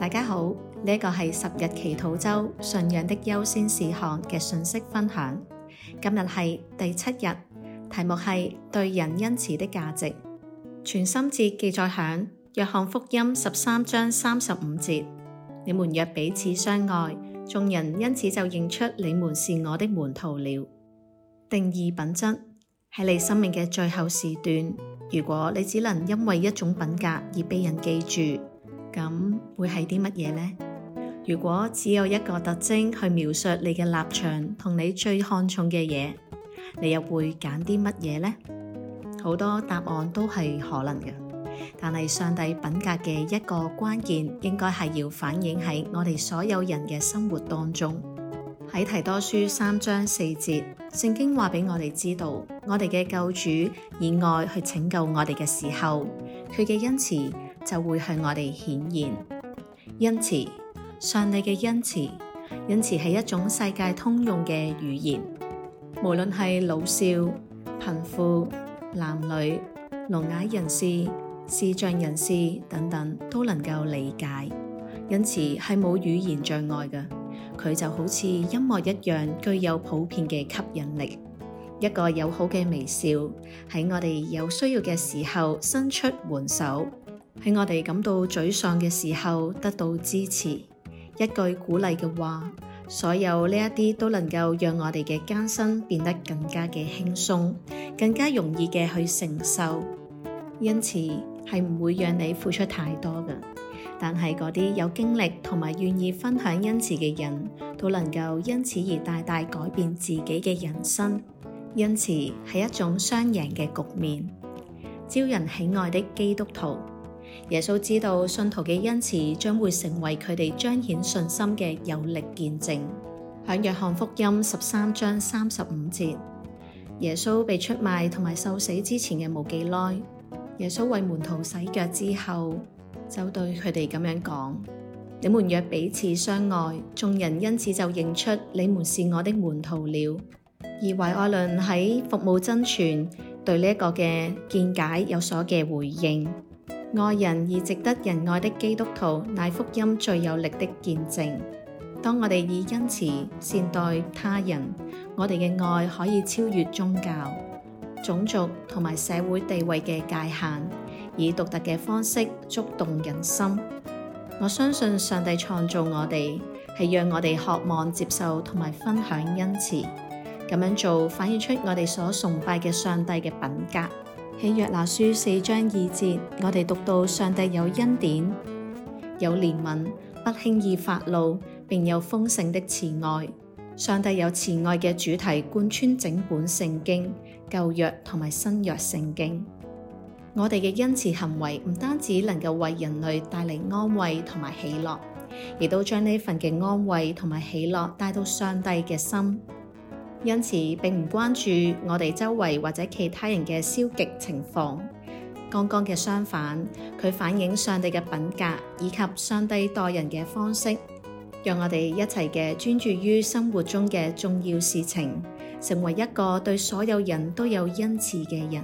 大家好，呢、這個係十日祈禱周信仰的優先事項嘅信息分享。今日係第七日，題目係對人恩慈的價值。全心節記載響《約翰福音》十三章三十五節：你們若彼此相愛，眾人因此就認出你們是我的門徒了。定義品質喺你生命嘅最後時段，如果你只能因為一種品格而被人記住。咁會係啲乜嘢呢？如果只有一個特徵去描述你嘅立場同你最看重嘅嘢，你又會揀啲乜嘢呢？好多答案都係可能嘅，但係上帝品格嘅一個關鍵，應該係要反映喺我哋所有人嘅生活當中。喺提多書三章四節，聖經話俾我哋知道，我哋嘅救主以愛，去拯救我哋嘅時候，佢嘅恩慈就會向我哋顯現。恩慈，上帝嘅恩慈，恩慈係一種世界通用嘅語言，無論係老少、貧富、男女、聾啞人士、視障人士等等，都能夠理解。恩慈係冇語言障礙嘅，佢就好似音樂一樣，具有普遍嘅吸引力。一個友好嘅微笑，喺我哋有需要嘅時候伸出援手，喺我哋感到沮喪嘅時候得到支持，一句鼓勵嘅話，所有呢一啲都能夠讓我哋嘅艱辛變得更加嘅輕鬆，更加容易嘅去承受。因此係唔會讓你付出太多嘅，但係嗰啲有經歷同埋願意分享恩慈嘅人都能夠因此而大大改變自己嘅人生。因此係一種雙贏嘅局面，招人喜愛的基督徒。耶穌知道信徒嘅恩慈將會成為佢哋彰顯信心嘅有力見證。響約翰福音十三章三十五節，耶穌被出賣同埋受死之前嘅冇幾耐，耶穌為門徒洗腳之後，就對佢哋咁樣講：「你們若彼此相愛，眾人因此就認出你們是我的門徒了。而懷愛倫喺服務真傳對呢一個嘅見解有所嘅回應。愛人以值得人愛的基督徒，乃福音最有力的見證。當我哋以恩慈善待他人，我哋嘅愛可以超越宗教、種族同埋社會地位嘅界限，以獨特嘅方式觸動人心。我相信上帝創造我哋係讓我哋渴望接受同埋分享恩慈。咁樣做，反映出我哋所崇拜嘅上帝嘅品格。喺約拿書四章二節，我哋讀到上帝有恩典、有憐憫，不輕易發怒，並有豐盛的慈愛。上帝有慈愛嘅主題貫穿整本聖經，舊約同埋新約聖經。我哋嘅恩慈行為唔單止能夠為人類帶嚟安慰同埋喜樂，亦都將呢份嘅安慰同埋喜樂帶到上帝嘅心。因此，並唔關注我哋周圍或者其他人嘅消極情況。剛剛嘅相反，佢反映上帝嘅品格以及上帝待人嘅方式，讓我哋一齊嘅專注於生活中嘅重要事情，成為一個對所有人都有恩慈嘅人。